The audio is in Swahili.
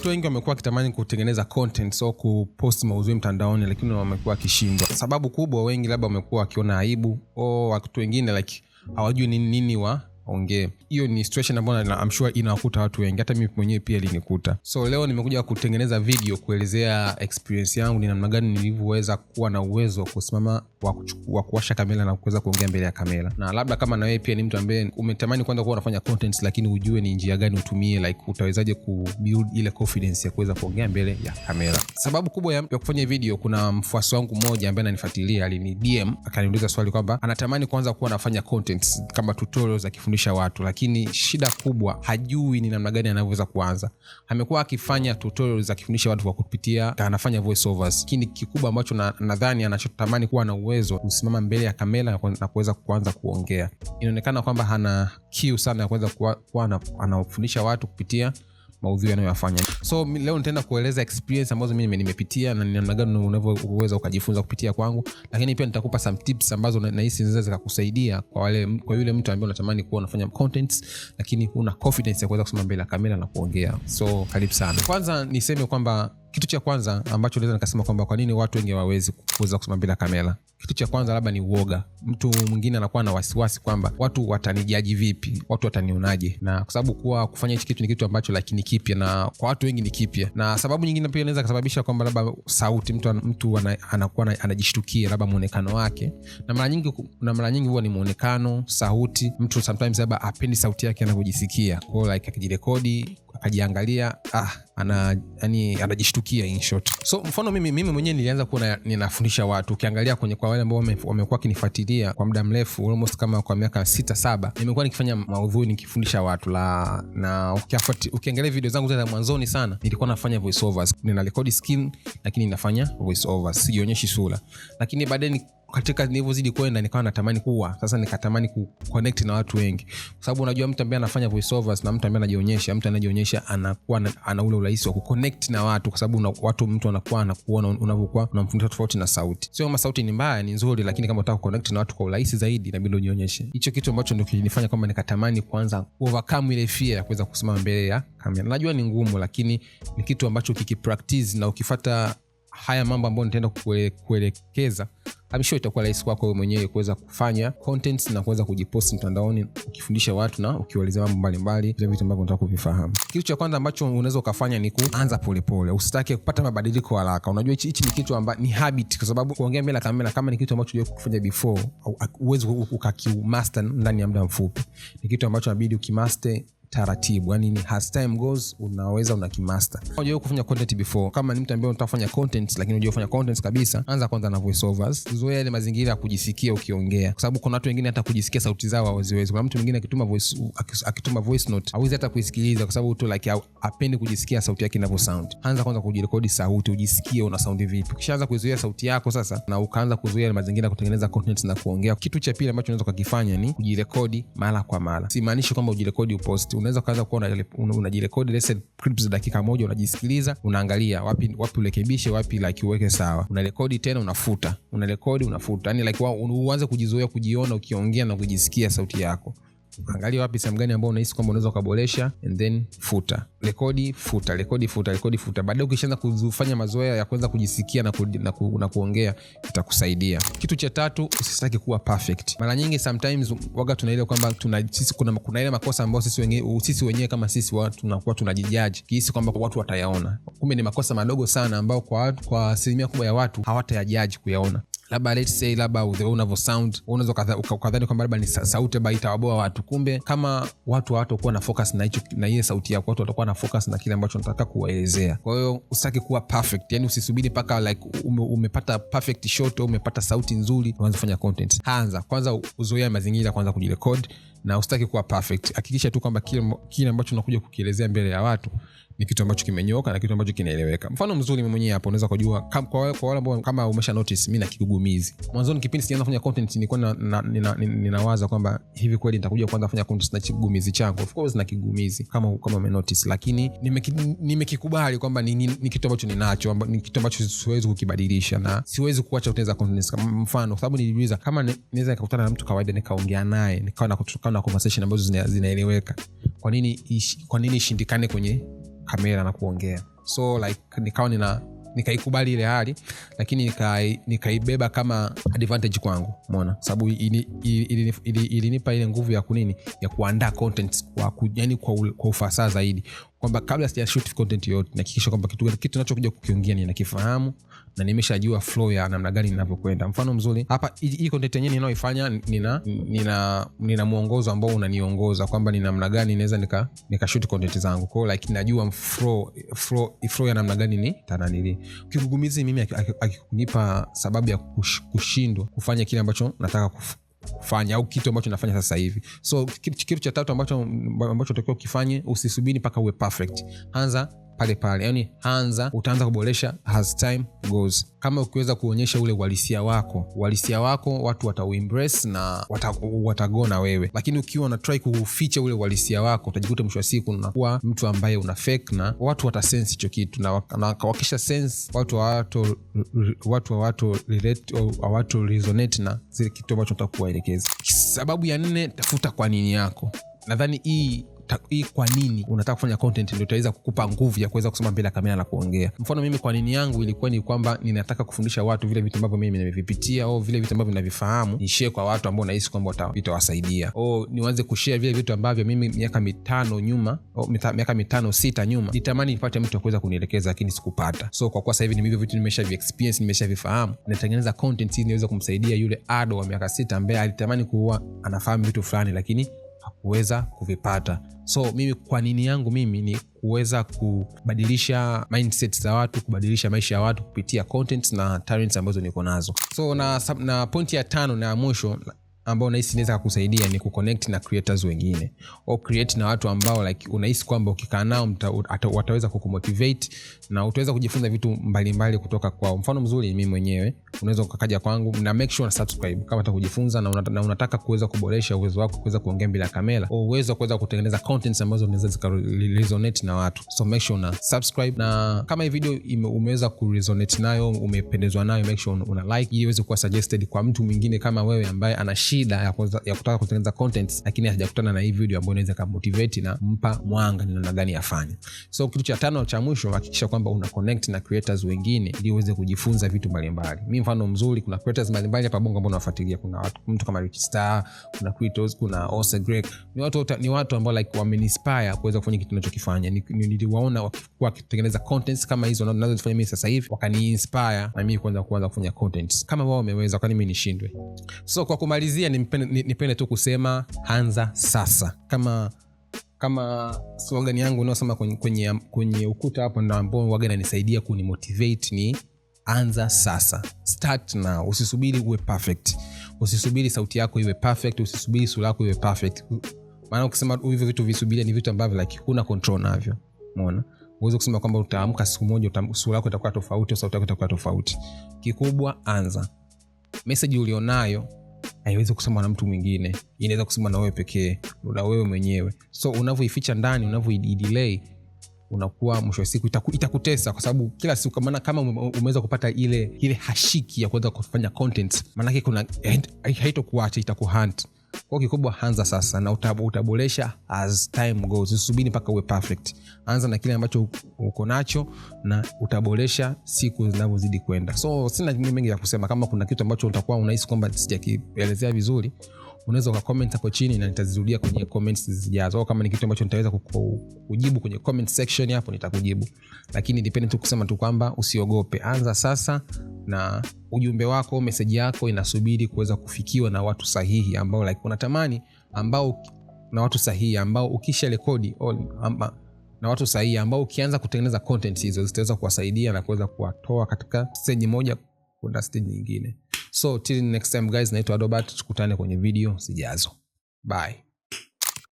watu wengi wamekuwa wakitamani kutengeneza content so kupost mauzui mtandaoni, lakini wamekuwa wakishindwa. Sababu kubwa, wengi labda wamekuwa wakiona aibu, o oh, watu wengine like hawajui nini nini wa ongee Hiyo ni situation ambayo na I'm sure inawakuta watu wengi, hata mimi mwenyewe pia linikuta So leo nimekuja kutengeneza video kuelezea experience yangu ni namna gani nilivyoweza kuwa na uwezo kusimama wa kuwasha kamera na kuweza kuongea mbele ya kamera, na labda kama na wewe pia ni mtu ambaye umetamani kwanza kuwa unafanya content, lakini ujue ni njia gani utumie, like utawezaje kubuild ile confidence ya kuweza kuongea mbele ya kamera. Sababu kubwa ya kufanya video, kuna mfuasi wangu mmoja ambaye ananifuatilia alini DM akaniuliza swali kwamba anatamani kwanza kuwa anafanya contents kama tutorials za akifundisha kuelimisha watu, lakini shida kubwa hajui ni namna gani anavyoweza kuanza. Amekuwa akifanya za akifundisha watu kwa kupitia, anafanya voice overs, lakini kikubwa ambacho nadhani na anachotamani kuwa na uwezo kusimama mbele ya kamera na kuweza kuanza kuongea. Inaonekana kwamba hana kiu sana ya kuweza kuwa anafundisha watu kupitia maudhui anayoyafanya so leo nitaenda kueleza experience ambazo mi nimepitia na namna gani unavyoweza ukajifunza kupitia kwangu lakini pia nitakupa some tips ambazo nahisi zinaweza zikakusaidia kwa, wale, kwa yule mtu ambaye unatamani kuwa unafanya contents lakini huna confidence ya kuweza kusoma mbele ya kamera na kuongea so karibu sana kwanza niseme kwamba kitu cha kwanza ambacho naweza nikasema kwamba kwa nini watu wengi hawawezi kuweza kusoma bila kamera, kitu cha kwanza labda ni uoga. Mtu mwingine anakuwa na wasiwasi kwamba watu watanijaji vipi, watu watanionaje, na kwa sababu kuwa kufanya hichi kitu ni kitu ambacho lakini like, kipya, na kwa watu wengi ni kipya. Na sababu nyingine pia inaweza kasababisha kwamba labda sauti, mtu mtu anakuwa anajishtukia labda mwonekano wake, na mara nyingi na mara nyingi huwa ni mwonekano sauti. Mtu sometimes labda apendi sauti yake anavyojisikia, kwao like akijirekodi akajiangalia, ah ana yani anajishtukia so mfano mimi, mimi mwenyewe nilianza kuwa ninafundisha watu ukiangalia kwenye kwa wale ambao wamekuwa wakinifuatilia kwa muda mrefu almost kama kwa miaka sita saba nimekuwa nikifanya maudhui nikifundisha watu la na ukiangalia video zangu za mwanzoni sana nilikuwa nafanya voiceovers nina rekodi skin lakini ninafanya voiceovers sijionyeshi sura lakini baadaye katika nilivyozidi kwenda nikawa natamani kuwa sasa nikatamani kuconnect na watu wengi kwa sababu unajua mtu ambaye anafanya voiceovers na mtu ambaye anajionyesha mtu anajionyesha anakuwa ana ule urahisi wa kuconnect na watu kwa sababu watu mtu anakuwa anakuona unavyokuwa unamfundisha tofauti na sauti sio kama sauti ni mbaya ni nzuri lakini kama unataka kuconnect na watu kwa urahisi zaidi inabidi unionyeshe hicho kitu ambacho ndio kilinifanya kwamba nikatamani kuanza overcome ile fear ya kuweza kusimama mbele ya kamera najua ni ngumu lakini ni kitu ambacho ukikipractice na ukifata haya mambo ambayo nitaenda kuelekeza amsho itakuwa rahisi kwako wewe mwenyewe kuweza kufanya content na kuweza kujiposti mtandaoni ukifundisha watu na ukiwaelezea mambo mbalimbali vile vitu ambavyo unataka kuvifahamu. Kitu cha kwanza ambacho unaweza ukafanya ni kuanza polepole, usitake kupata mabadiliko haraka. Unajua hichi ni kitu ambacho ni habit, kwa sababu kuongea mbele ya kamera kama ni kitu ambacho hujawahi kufanya before, huwezi ukakimaster ndani ya muda mfupi. Ni kitu ambacho inabidi ukimaster taratibu, yani ni as time goes, unaweza una kimaster. Unajua kufanya content before, kama ni mtu ambaye unataka kufanya content lakini unajua kufanya content kabisa, anza kwanza na overs zoea ile mazingira ya kujisikia ukiongea, kwa sababu kuna watu wengine hata kujisikia sauti zao hawaziwezi. Kuna mtu mwingine akituma voice akituma voice note hawezi hata kuisikiliza, kwa sababu tu like apendi kujisikia sauti yake inavyo sound. Anza kwanza kujirekodi sauti, ujisikie una sound vipi. Ukishaanza kuzuia sauti yako sasa, na ukaanza kuzuia ile mazingira ya kutengeneza content na kuongea. Kitu cha pili ambacho unaweza kukifanya ni kujirekodi mara kwa mara. Simaanishi kwamba ujirekodi uposti unaweza ukaanza kuwa unajirekodi lesson clips za dakika moja, unajisikiliza, unaangalia wapi wapi urekebishe, wapi like uweke sawa, unarekodi tena, unafuta, unarekodi, unafuta, yani like uanze kujizoea kujiona ukiongea na kujisikia sauti yako angalia wapi sehemu gani ambao unahisi kwamba unaweza ukaboresha and then futa rekodi futa rekodi futa rekodi futa baadae ukishaanza kufanya mazoea ya kuweza kujisikia na, ku, na, ku, na kuongea itakusaidia kitu cha tatu usitaki kuwa perfect mara nyingi sometimes waga tunaile kwamba tuna, sisi, kuna, kuna ile makosa ambao sisi wenyewe wenye kama sisi tunakuwa tunajijaji kihisi kwamba watu watayaona kumbe ni makosa madogo sana ambao kwa asilimia kubwa ya watu hawatayajaji kuyaona labda let's say labda the way unavyo sound unaweza ukadhani kwamba labda ni sauti labda itawaboa watu kumbe kama watu hawatakuwa na focus na hicho na ile sauti yako watu watakuwa na focus na kile ambacho nataka kuwaelezea kwa hiyo usitaki kuwa perfect yani usisubiri mpaka like ume, umepata perfect shot au umepata sauti nzuri uanze kufanya content anza kwanza uzoea mazingira kwanza kujirekodi na usitaki kuwa perfect. Hakikisha tu kwamba kile kile ambacho unakuja kukielezea mbele ya watu ni kitu ambacho kimenyoka na kitu ambacho kinaeleweka. Mfano mzuri mimi mwenyewe hapo unaweza kujua kwa wale kwa wale ambao kama umesha notice mimi na kigugumizi. Mwanzoni kipindi sijaanza kufanya content nilikuwa ninawaza kwamba hivi kweli nitakuja kuanza kufanya content na kigugumizi changu. Of course na kigugumizi kama kama ume notice, lakini nimekikubali nime kwamba ni, ni, ni kitu ambacho ninacho, amba, ni kitu ambacho siwezi kukibadilisha na siwezi kuacha kutengeneza content. Mfano sababu nilijiuliza kama naweza nikakutana na mtu kawaida nikaongea naye nikawa na mfano wa conversation ambazo zinaeleweka kwa nini kwa nini ishindikane kwenye kamera na kuongea so like nikawa nina nikaikubali ile hali lakini nikaibeba nikaibeba kama advantage kwangu mona sababu ilinipa ili, ili, ili, ili ile nguvu ya kunini ya kuandaa content kwa, yani kwa, kwa ufasaha zaidi kwamba kabla sijashut content yoyote nahakikisha kwamba kitu nachokuja kukiongea ninakifahamu na nimeshajua flow ya namna gani ninavyokwenda. Mfano mzuri hapa, hii kontent yenyewe ninayoifanya nina, nina, nina mwongozo ambao unaniongoza kwamba ni namna gani naweza nika, nikashoot content zangu kwao, like najua flow, flow, flow ya namna gani ni tananili. Kigugumizi mimi akikunipa sababu ya kushindwa kufanya kile ambacho nataka kufu fanya au kitu ambacho nafanya sasa hivi. So kitu cha tatu ambacho ambacho utakiwa ukifanye, usisubiri mpaka uwe perfect. Anza pale pale, yani anza, utaanza kuboresha as time goes. Kama ukiweza kuonyesha ule uhalisia wako, uhalisia wako watu watauembrace na watagona wewe, lakini ukiwa una try kuficha ule uhalisia wako, utajikuta mwisho wa siku unakuwa mtu ambaye una fake na watu watasense hicho kitu, na wakisha sense watu hawato watu hawato relate au hawato resonate na zile kitu ambacho kuwaelekeza Sababu ya nne, tafuta kwa nini yako. Nadhani hii hii kwa nini unataka kufanya content ndio itaweza kukupa nguvu ya kuweza kusoma mbele ya kamera na kuongea. Mfano mimi kwa nini yangu ilikuwa ni kwamba ninataka kufundisha watu vile vitu ambavyo mimi nimevipitia au vile vitu ambavyo ninavifahamu nishie kwa watu ambao nahisi kwamba vitawasaidia, au niwanze kushare vile vitu ambavyo mimi miaka mitano nyuma au miaka mitano sita nyuma nitamani nipate mtu kuweza kunielekeza, lakini sikupata. So kwa kuwa sasa hivi ni hivyo vitu nimesha vi experience nimesha vifahamu, natengeneza content ili niweze kumsaidia yule ado wa miaka sita ambaye alitamani kuwa anafahamu vitu fulani lakini kuweza kuvipata. So mimi kwa nini yangu mimi ni kuweza kubadilisha mindset za watu, kubadilisha maisha ya watu kupitia content na talents ambazo niko nazo. So na, na pointi ya tano na ya mwisho ambao unahisi inaweza kakusaidia ni kuconnect na creators wengine o create na watu ambao like unahisi kwamba ukikaa nao wataweza kukumotivate na utaweza kujifunza vitu mbalimbali mbali kutoka kwao mfano mzuri mimi mwenyewe unaweza ukakaja kwangu na make sure na subscribe kama ta kujifunza na, na unataka kuweza kuboresha uwezo wako kuweza kuongea mbele kamera uwezo wa kuweza kutengeneza contents ambazo unaweza zikaresonate na watu so make sure una subscribe na kama hii video umeweza kuresonate nayo umependezwa nayo make sure una like ili iweze kuwa suggested kwa mtu mwingine kama wewe ambaye ana shida ya, kuza, ya kutaka kutengeneza contents lakini hajakutana na hii video ambayo inaweza kamotivate na mpa mwanga ni namna gani afanye. So kitu cha tano cha mwisho, hakikisha kwamba una connect na creators wengine ili uweze kujifunza vitu mbalimbali. Mimi mfano mzuri, kuna creators mbalimbali hapa Bongo ambao nawafuatilia. Kuna watu, mtu kama Rich Star, kuna Kritos, kuna Ose Greg. Ni watu ni watu ambao like wamenispire kuweza kufanya kitu ninachokifanya. Niliwaona wakitengeneza contents kama hizo ninazofanya mimi sasa hivi, wakaniinspire na mimi kuanza kuanza kufanya contents kama wao wameweza, kwani mimi nishindwe? So kwa kumalizia kumalizia nipende, nipende tu kusema anza sasa kama kama slogani yangu unaosema kwenye, kwenye, kwenye ukuta hapo ndo ambao waga inanisaidia kunimotivate ni anza sasa start na usisubiri uwe perfect usisubiri sauti yako iwe perfect usisubiri sura yako iwe perfect maana ukisema hivyo vitu visubiria ni vitu ambavyo like huna control navyo mona uweze kusema kwamba utaamka siku moja sura yako itakuwa tofauti sauti yako itakuwa tofauti kikubwa anza meseji ulionayo haiwezi kusema na mtu mwingine inaweza kusema na wewe pekee na wewe mwenyewe so unavyoificha ndani unavyoidilei unakuwa mwisho wa siku itaku, itakutesa kwa sababu kila siku maana kama umeweza kupata ile ile hashiki ya kuweza kufanya content maanake kuna haitokuacha itakuhunt kwa kikubwa, anza sasa na utabu, utaboresha as time goes. Usubiri mpaka uwe perfect, anza na kile ambacho uko nacho na utaboresha siku zinavyozidi kwenda. So sina mengi ya kusema, kama kuna kitu ambacho utakuwa unahisi kwamba sijakielezea vizuri unaweza ukacomment hapo chini na nitazirudia kwenye comments zijazo au kama ni kitu ambacho nitaweza kujibu kwenye comment section hapo nitakujibu lakini nipende tu kusema tu kwamba usiogope anza sasa na ujumbe wako meseji yako inasubiri kuweza kufikiwa na watu sahihi ambao like, unatamani ambao na watu sahihi ambao ukisha rekodi amba, na watu sahihi ambao ukianza kutengeneza content hizo zitaweza kuwasaidia na kuweza kuwatoa katika steji moja kwenda steji nyingine so till next time guys naitwa adobert tukutane kwenye video zijazo bye